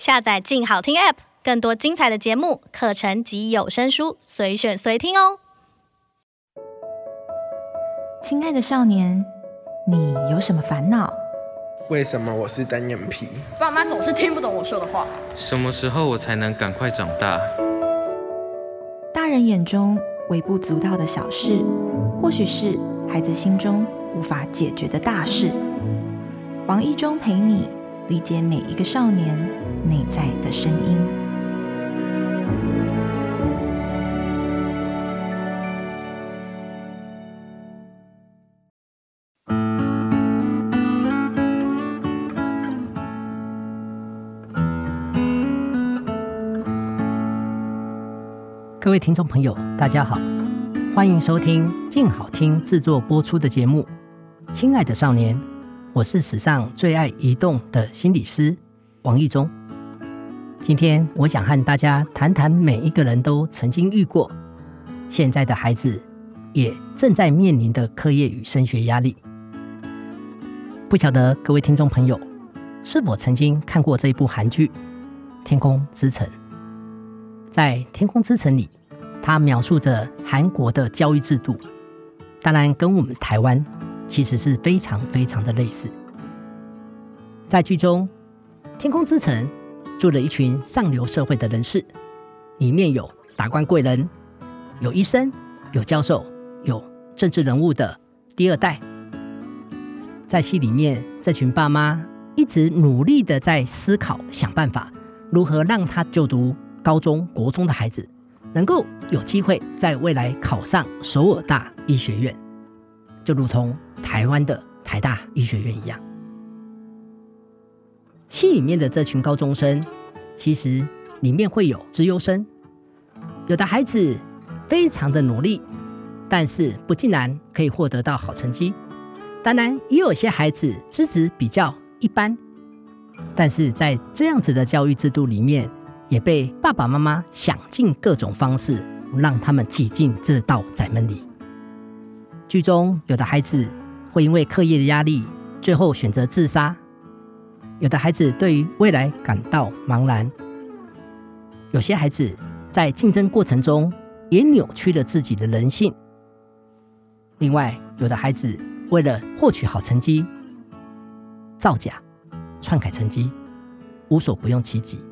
下載“進好聽 ”App，更多精彩的節目、課程及有聲書，隨選隨聽哦。親愛的少年，你有什麼煩惱？為什麼我是單眼皮？爸媽總是聽不懂我說的話。什麼時候我才能趕快長大？大人眼中微不足道的小事，或許是孩子心中無法解決的大事。王意中陪你理解每一個少年。內在的聲音。各位聽眾朋友，大家好，歡迎收聽靜好聽製作播出的節目《親愛的少年》，我是史上最愛移動的心理師王意中。今天我想和大家談談每一個人都曾經遇過，現在的孩子也正在面臨的課業與升學壓力。不曉得各位聽眾朋友是否曾經看過這一部韓劇《天空之城》？在《天空之城》裡，它描述着韓國的教育制度，當然跟我們台灣其實是非常非常的類似。在劇中，《天空之城》。住了一群上流社會的人士，裡面有達官貴人，有醫生，有教授，有政治人物的第二代。在戲裡面，這群爸媽一直努力的在思考想辦法，如何讓他就讀高中、國中的孩子，能夠有機會在未來考上首爾大醫學院，就如同台灣的台大醫學院一樣。戲裡面的這群高中生，其實裡面會有資優生，有的孩子非常的努力，但是不盡然可以獲得到好成績。當然，也有些孩子資質比較一般，但是在這樣子的教育制度裡面，也被爸爸媽媽想盡各種方式讓他們擠進這道窄門裡。劇中有的孩子會因為課業的壓力，最後選擇自殺。有的孩子對於未來感到茫然，有些孩子在競爭過程中也扭曲了自己的人性。另外，有的孩子為了獲取好成績，造假、篡改成績，無所不用其極。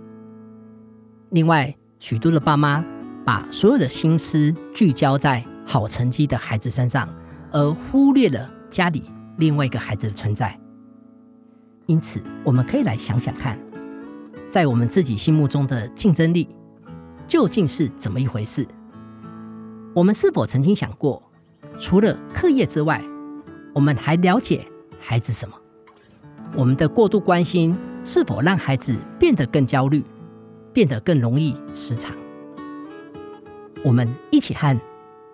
另外，許多的爸媽把所有的心思聚焦在好成績的孩子身上，而忽略了家裡另外一個孩子的存在。因此，我們可以來想想看，在我們自己心目中的競爭力究竟是怎麼一回事？我們是否曾經想過，除了課業之外，我們還了解孩子什麼？我們的過度關心是否讓孩子變得更焦慮，變得更容易失常？我們一起和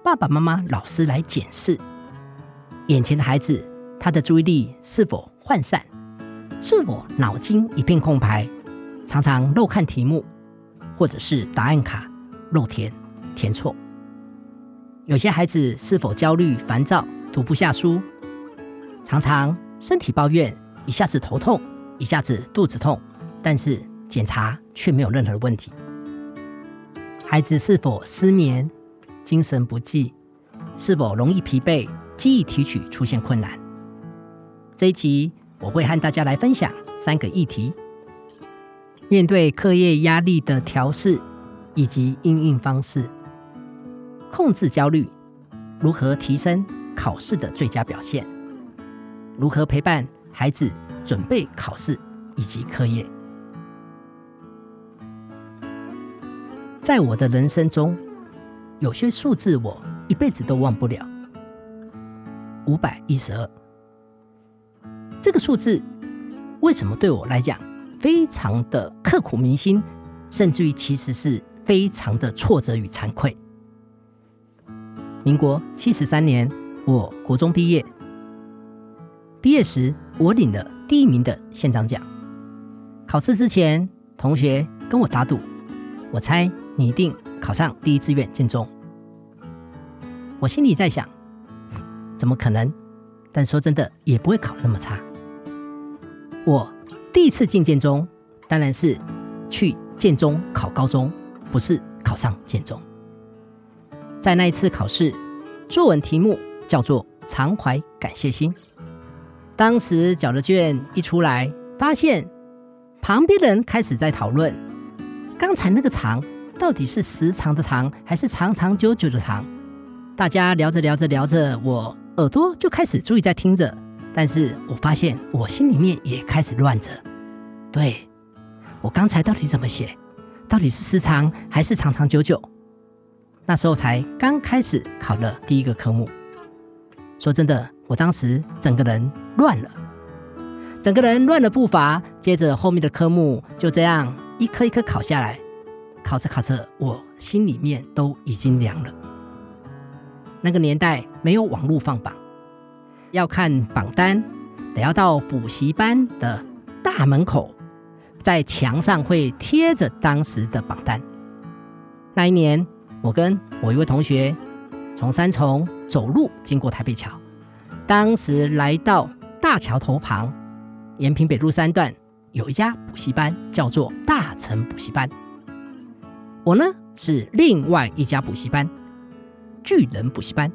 爸爸媽媽、老師來檢視眼前的孩子，他的注意力是否渙散？是否腦筋一片空白，常常漏看題目，或者是答案卡漏填、填錯？有些孩子是否焦慮、煩躁，讀不下書，常常身體抱怨，一下子頭痛，一下子肚子痛，但是檢查卻沒有任何的問題？孩子是否失眠、精神不濟，是否容易疲憊、記憶提取出現困難？這一集，我會和大家來分享三個議題：面對課業壓力的調試以及因應方式，控制焦慮，如何提升考試的最佳表現，如何陪伴孩子準備考試以及課業。在我的人生中，有些數字我一輩子都忘不了：五百一十二。這個數字為什麼對我來講非常的刻骨銘心，甚至於其實是非常的挫折與慚愧。民國七十三年，我國中畢業，畢業時我領了第一名的縣長獎。考試之前，同學跟我打賭，我猜你一定考上第一志願建中。我心裡在想，怎麼可能？但說真的，也不會考那麼差。我第一次進建中，當然是去建中考高中，不是考上建中。在那一次考試，作文題目叫做“常懷感謝心”。當時交了卷一出來，發現旁邊人開始在討論，剛才那個“長”，到底是時長的“長”，還是長長久久的“長”。大家聊着聊着聊着，我耳朵就開始注意在聽着。但是我發現，我心裡面也開始亂着。對，我剛才到底怎麼寫？到底是時長還是長長久久？那時候才剛開始考了第一個科目。說真的，我當時整個人亂了，整個人亂了步伐。接着後面的科目就這樣一科一科考下來，考着考着，我心裡面都已經涼了。那個年代沒有網絡放榜。要看榜單，得要到補習班的大門口，在牆上會貼着當時的榜單。那一年，我跟我一位同學從三重走路經過台北橋，當時來到大橋頭旁，延平北路三段，有一家補習班叫做大成補習班，我呢，是另外一家補習班，巨人補習班。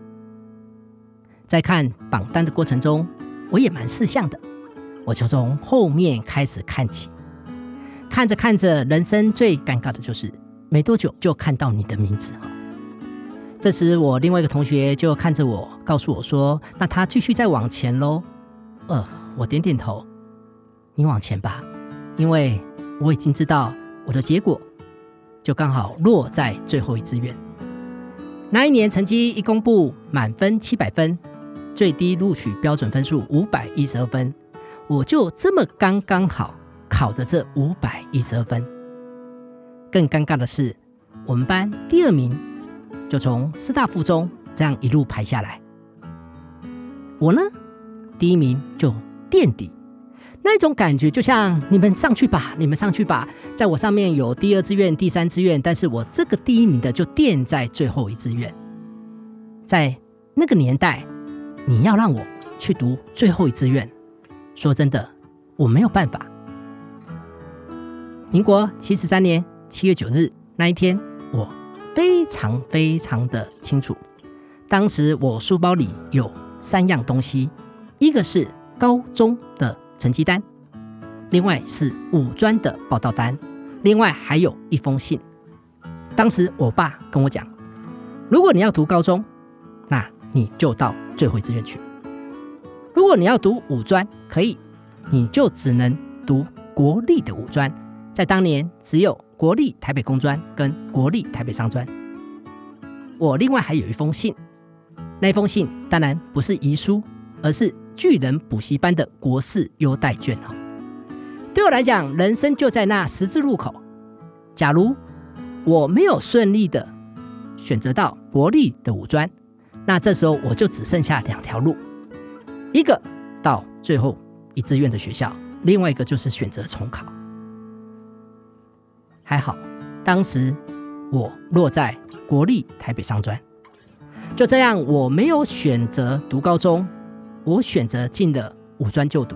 在看榜單的過程中，我也蠻識相的，我就從後面開始看起。看着看着，人生最尷尬的就是沒多久就看到你的名字。這時我另外一個同學就看着我，告訴我說：“那他繼續再往前嘍。”呃，我點點頭：“你往前吧，因為我已經知道我的結果就剛好落在最後一志願。那一年成績一公布，滿分七百分。”最低錄取標準分數五百一十二分，我就這麼剛剛好考的這五百一十二分。更尷尬的是，我們班第二名就從師大附中這樣一路排下來，我呢，第一名就墊底。那種感覺就像你們上去吧，你們上去吧，在我上面有第二志願、第三志願，但是我這個第一名的就墊在最後一志願。在那個年代。你要讓我去讀最後一志願？說真的，我沒有辦法。民國七十三年七月九日那一天，我非常非常的清楚，當時我書包裡有三樣東西：一個是高中的成績單，另外是五專的報到單，另外還有一封信。當時我爸跟我講：“如果你要讀高中，那……”你就到最後一志願去。如果你要讀五專，可以，你就只能讀國立的五專。在當年，只有國立台北工專跟國立台北商專。我另外還有一封信，那封信當然不是遺書，而是巨人補習班的國四優待卷哦。對我來講，人生就在那十字路口。假如我沒有順利的選擇到國立的五專，那這時候我就只剩下兩條路，一個到最後一志願的學校，另外一個就是選擇重考。還好，當時我落在國立台北商專，就這樣我沒有選擇讀高中，我選擇進了五專就讀，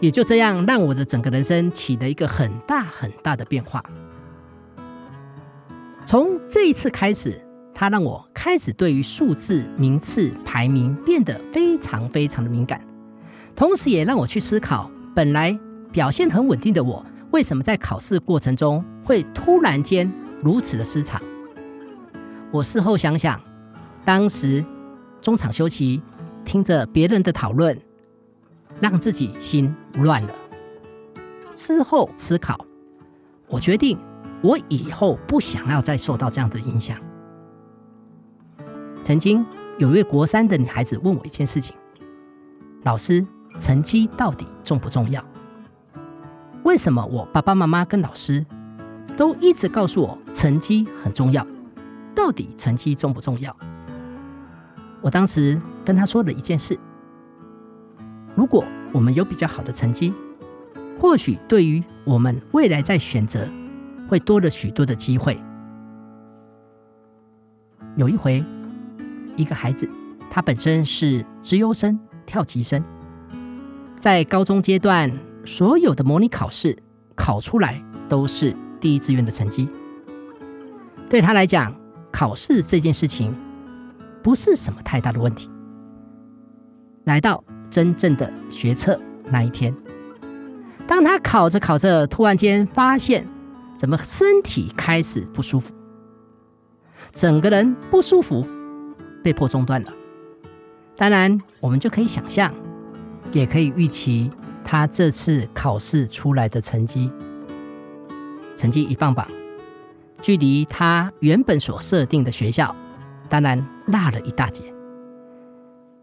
也就這樣讓我的整個人生起了一個很大很大的變化。從這一次開始。他讓我開始對於數字、名次、排名變得非常非常的敏感，同時也讓我去思考，本來表現很穩定的我，為什麼在考試過程中會突然間如此的失常？我事後想想，當時中場休息，聽着別人的討論，讓自己心亂了。事後思考，我決定，我以後不想要再受到這樣的影響。曾經有一位國三的女孩子問我一件事情，老師，成績到底重不重要？為什麼我爸爸媽媽跟老師都一直告訴我成績很重要？到底成績重不重要？我當時跟她說了一件事：如果我們有比較好的成績，或許對於我們未來在選擇會多了許多的機會。有一回，一個孩子，他本身是直優生、跳級生，在高中階段，所有的模擬考試考出來都是第一志願的成績。對他來講，考試這件事情不是什麼太大的問題。來到真正的學測那一天，當他考着考着，突然間發現怎麼身體開始不舒服，整個人不舒服。被迫中斷了。當然，我們就可以想象，也可以預期他這次考試出來的成績。成績一放榜，距離他原本所設定的學校，當然落了一大截。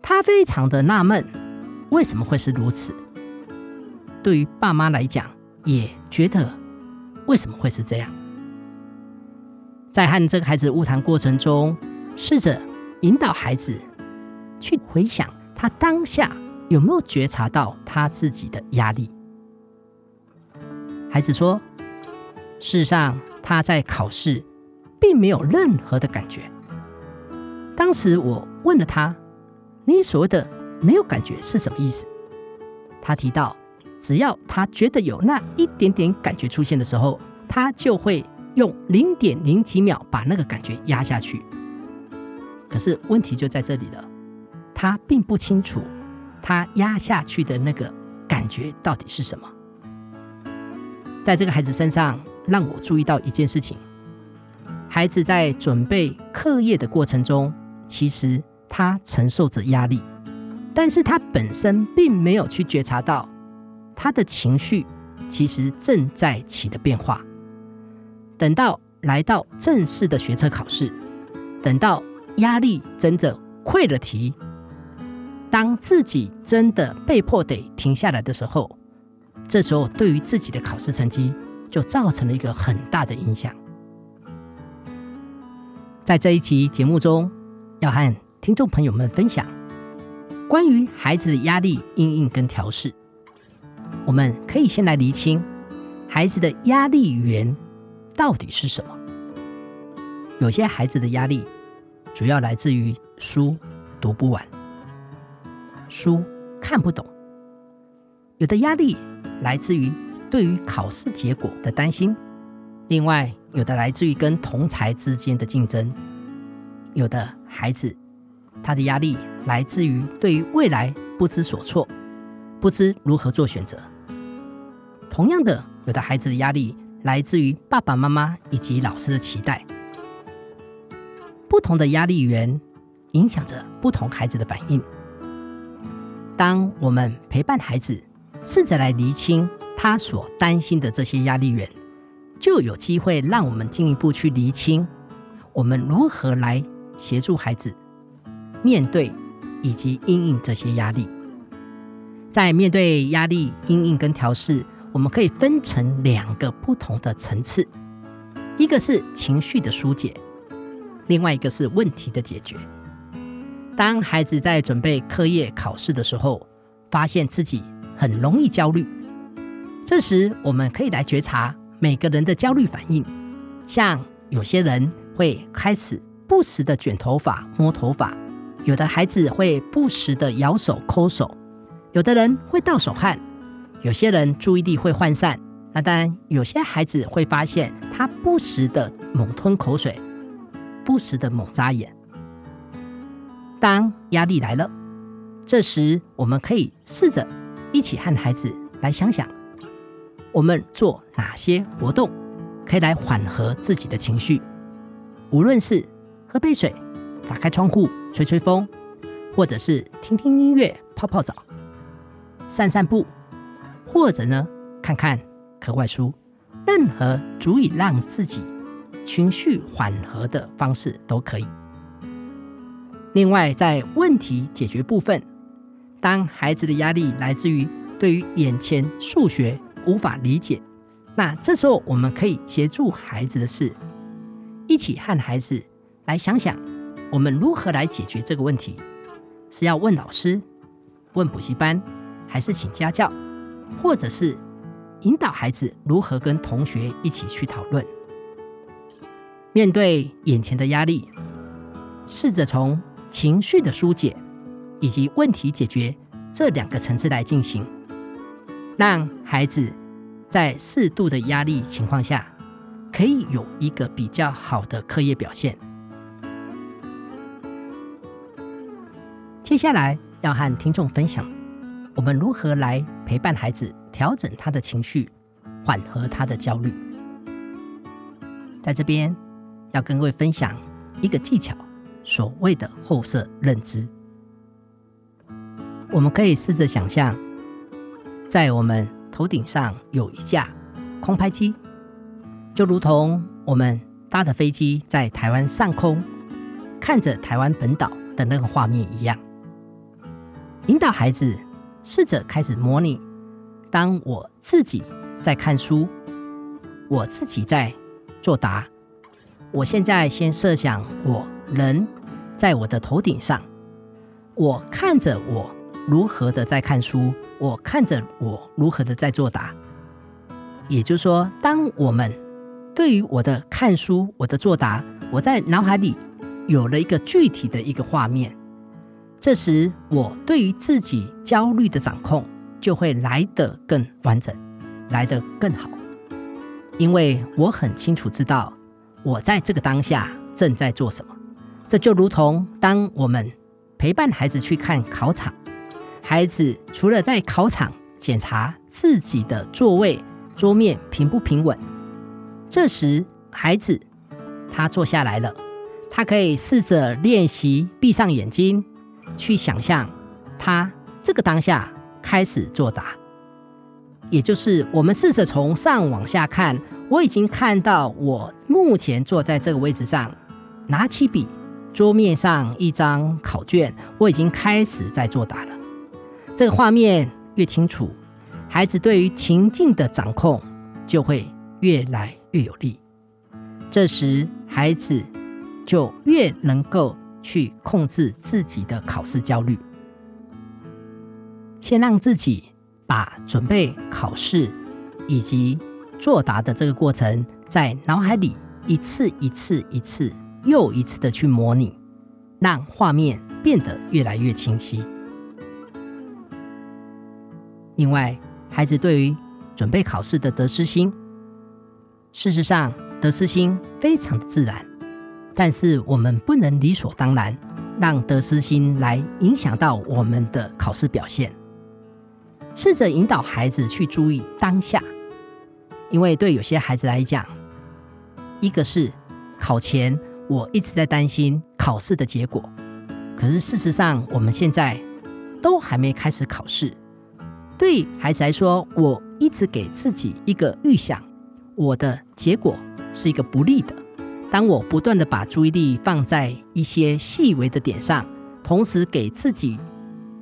他非常的納悶，為什麼會是如此？對於爸媽來講，也覺得為什麼會是這樣？在和這個孩子晤談過程中，試着引導孩子去回想他當下有沒有覺察到他自己的壓力。孩子說：“事實上，他在考試並沒有任何的感覺。當時我問了他，你所謂的沒有感覺是什麼意思？他提到，只要他覺得有那一點點感覺出現的時候，他就會用零點零幾秒把那個感覺壓下去。”可是問題就在這裡了，他並不清楚他壓下去的那個感覺到底是什麼。在這個孩子身上，讓我注意到一件事情：孩子在準備課業的過程中，其實他承受着壓力，但是他本身並沒有去覺察到他的情緒其實正在起的變化。等到來到正式的學測考試，等到。壓力真的潰了堤，當自己真的被迫得停下來的時候，這時候對於自己的考試成績就造成了一個很大的影響。在這一期節目中，要和聽眾朋友們分享關於孩子的壓力因應跟調適。我們可以先來釐清孩子的壓力源到底是什麼。有些孩子的壓力。主要來自於書讀不完，書看不懂；有的壓力來自於對於考試結果的擔心；另外，有的來自於跟同儕之間的競爭；有的孩子他的壓力來自於對於未來不知所措，不知如何做選擇；同樣的，有的孩子的壓力來自於爸爸媽媽以及老師的期待。不同的壓力源影響着不同孩子的反應。當我們陪伴孩子，試着來釐清他所擔心的這些壓力源，就有機會讓我們進一步去釐清，我們如何來協助孩子面對以及因應這些壓力。在面對壓力、因應跟調適，我們可以分成兩個不同的層次，一個是情緒的疏解。另外一個是問題的解決。當孩子在準備課業考試的時候，發現自己很容易焦慮，這時我們可以來覺察每個人的焦慮反應。像有些人會開始不時的捲頭髮、摸頭髮；有的孩子會不時的咬手、摳手；有的人會倒手汗；有些人注意力會渙散。那當然，有些孩子會發現他不時的猛吞口水。不時地猛眨眼。當壓力來了，這時我們可以試着一起和孩子來想想，我們做哪些活動可以來緩和自己的情緒。無論是喝杯水、打開窗戶吹吹風，或者是聽聽音樂、泡泡澡、散散步，或者呢看看課外書，任何足以讓自己。情緒緩和的方式都可以。另外，在問題解決部分，當孩子的壓力來自於對於眼前數學無法理解，那這時候我們可以協助孩子的是，一起和孩子來想想，我們如何來解決這個問題？是要問老師、問補習班，還是請家教，或者是引導孩子如何跟同學一起去討論？面對眼前的壓力，試着從情緒的疏解以及問題解決這兩個層次來進行，讓孩子在適度的壓力情況下，可以有一個比較好的課業表現。接下來要和聽眾分享，我們如何來陪伴孩子調整他的情緒，緩和他的焦慮。在這邊，要跟各位分享一個技巧，所謂的後設認知。我們可以試着想象，在我們頭頂上有一架空拍機，就如同我們搭的飛機在台灣上空，看着台灣本島的那個畫面一樣。引導孩子試着開始模擬：當我自己在看書，我自己在作答。我現在先設想我，我人在我的頭頂上，我看着我如何的在看書，我看着我如何的在作答。也就是說，當我們對於我的看書、我的作答，我在腦海裡有了一個具體的一個畫面，這時我對於自己焦慮的掌控就會來得更完整，來得更好，因為我很清楚知道。我在這個當下正在做什麼？這就如同當我們陪伴孩子去看考場，孩子除了在考場檢查自己的座位桌面平不平穩，這時孩子他坐下來了，他可以試着練習閉上眼睛去想象他這個當下開始作答，也就是我們試着從上往下看。我已經看到，我目前坐在這個位置上，拿起筆，桌面上一張考卷，我已經開始在作答了。這個畫面越清楚，孩子對於情境的掌控就會越來越有利。這時，孩子就越能夠去控制自己的考試焦慮。先讓自己把準備考試以及作答的這個過程，在腦海裡一次一次、一次又一次的去模擬，讓畫面變得越來越清晰。另外，孩子對於準備考試的得失心，事實上得失心非常的自然，但是我們不能理所當然讓得失心來影響到我們的考試表現。試着引導孩子去注意當下。因為對有些孩子來講，一個是考前我一直在擔心考試的結果，可是事實上我們現在都還沒開始考試。對孩子來說，我一直給自己一個預想，我的結果是一個不利的。當我不斷地把注意力放在一些細微的點上，同時給自己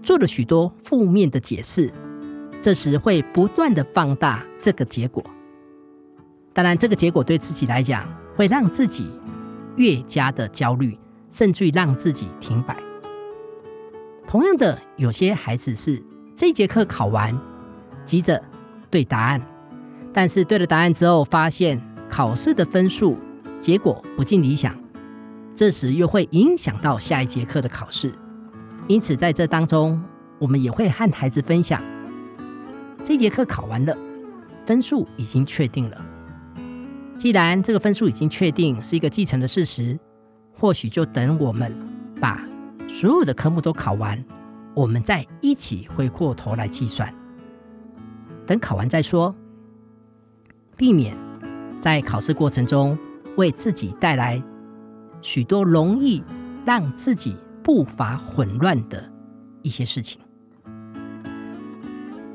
做了許多負面的解釋，這時會不斷地放大這個結果。當然，這個結果對自己來講，會讓自己越加的焦慮，甚至於讓自己停擺。同樣的，有些孩子是這節課考完，急着對答案，但是對了答案之後，發現考試的分數結果不盡理想，這時又會影響到下一節課的考試。因此，在這當中，我們也會和孩子分享，這節課考完了，分數已經確定了。既然這個分數已經確定是一個既成的事實，或許就等我們把所有的科目都考完，我們再一起回過頭來計算。等考完再說，避免在考試過程中為自己帶來許多容易讓自己步伐混亂的一些事情。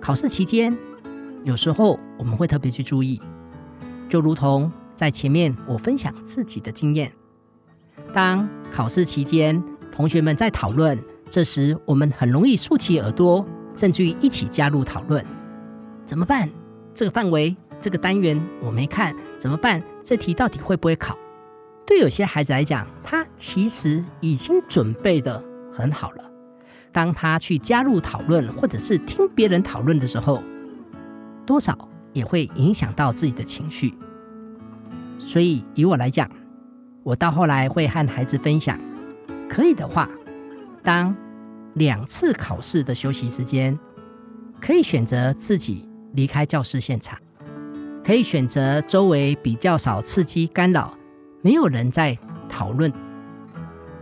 考試期間，有時候我們會特別去注意。就如同在前面我分享自己的經驗，當考試期間，同學們在討論，這時我們很容易豎起耳朵，甚至於一起加入討論。怎麼辦？這個範圍，這個單元我沒看，怎麼辦？這題到底會不會考？對有些孩子來講，他其實已經準備得很好了。當他去加入討論，或者是聽別人討論的時候，多少，也會影響到自己的情緒，所以，以我來講，我到後來會和孩子分享，可以的話，當兩次考試的休息時間，可以選擇自己離開教室現場，可以選擇周圍比較少刺激干擾，沒有人在討論，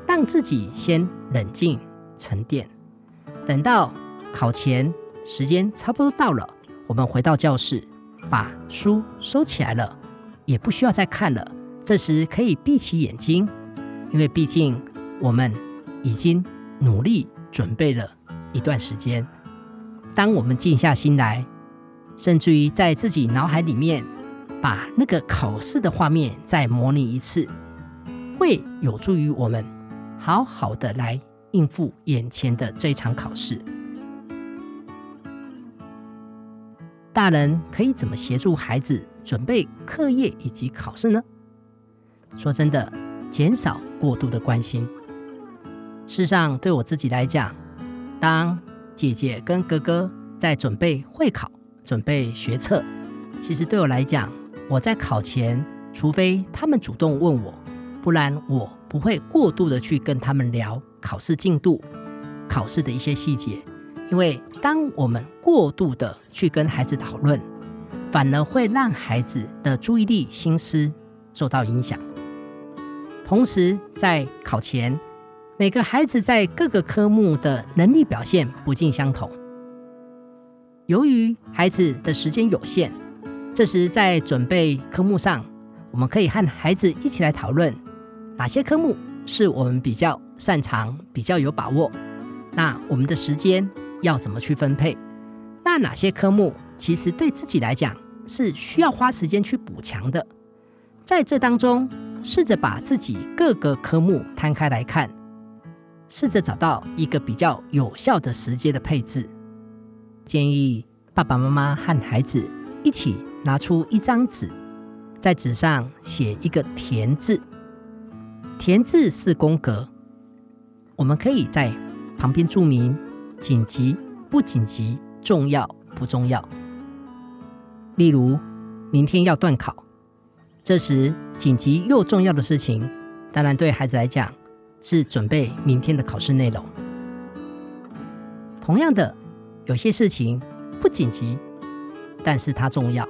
讓自己先冷靜沉澱，等到考前時間差不多到了，我們回到教室。把書收起來了，也不需要再看了。這時可以閉起眼睛，因為畢竟我們已經努力準備了一段時間。當我們靜下心來，甚至於在自己腦海裡面把那個考試的畫面再模擬一次，會有助於我們好好的來應付眼前的這場考試。大人可以怎麼協助孩子準備課業以及考試呢？說真的，減少過度的關心。事實上，對我自己來講，當姐姐跟哥哥在準備會考、準備學測，其實對我來講，我在考前，除非他們主動問我，不然我不會過度的去跟他們聊考試進度、考試的一些細節。因為當我們過度的去跟孩子討論，反而會讓孩子的注意力心思受到影響。同時，在考前，每個孩子在各個科目的能力表現不盡相同。由於孩子的時間有限，這時在準備科目上，我們可以和孩子一起來討論哪些科目是我們比較擅長、比較有把握。那我們的時間。要怎麼去分配？那哪些科目其實對自己來講是需要花時間去補強的？在這當中，試着把自己各個科目攤開來看，試着找到一個比較有效的時間的配置。建議爸爸媽媽和孩子一起拿出一張紙，在紙上寫一個“田”字，田字四宮格，我們可以在旁邊注明。緊急不緊急，重要不重要？例如，明天要段考，這時緊急又重要的事情，當然對孩子來講是準備明天的考試內容。同樣的，有些事情不緊急，但是它重要，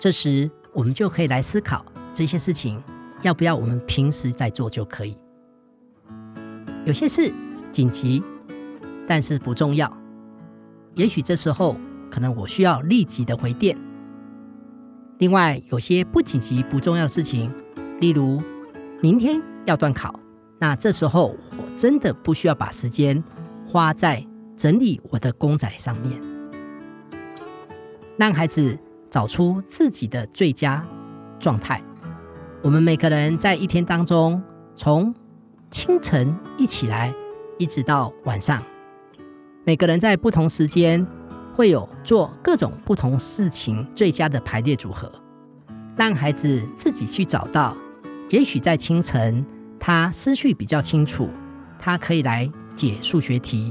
這時我們就可以來思考這些事情要不要我們平時在做就可以。有些事緊急。但是不重要。也許這時候可能我需要立即的回電。另外，有些不緊急不重要的事情，例如明天要段考，那這時候我真的不需要把時間花在整理我的公仔上面。讓孩子找出自己的最佳狀態。我們每個人在一天當中，從清晨一起來，一直到晚上。每個人在不同時間會有做各種不同事情最佳的排列組合，讓孩子自己去找到。也許在清晨，他思緒比較清楚，他可以來解數學題；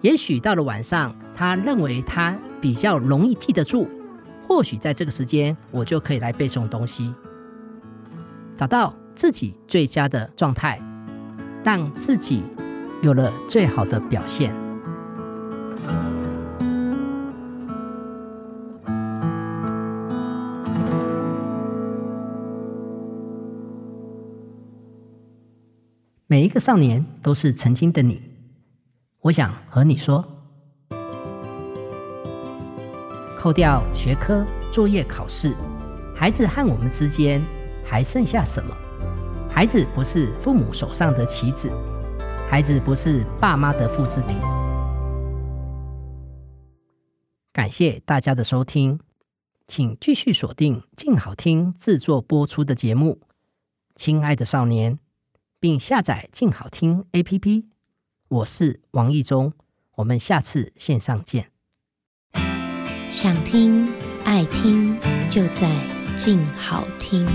也許到了晚上，他認為他比較容易記得住，或許在這個時間，我就可以來背誦東西，找到自己最佳的狀態，讓自己有了最好的表現。每一個少年都是曾經的你，我想和你說。扣掉學科、作業、考試，孩子和我們之間還剩下什麼？孩子不是父母手上的棋子，孩子不是爸媽的複製品。感謝大家的收聽，請繼續鎖定靜好聽制作播出的節目，《親愛的少年》。並下載“靜好聽 ”APP。我是王意中，我們下次線上見。想聽、愛聽，就在“靜好聽”。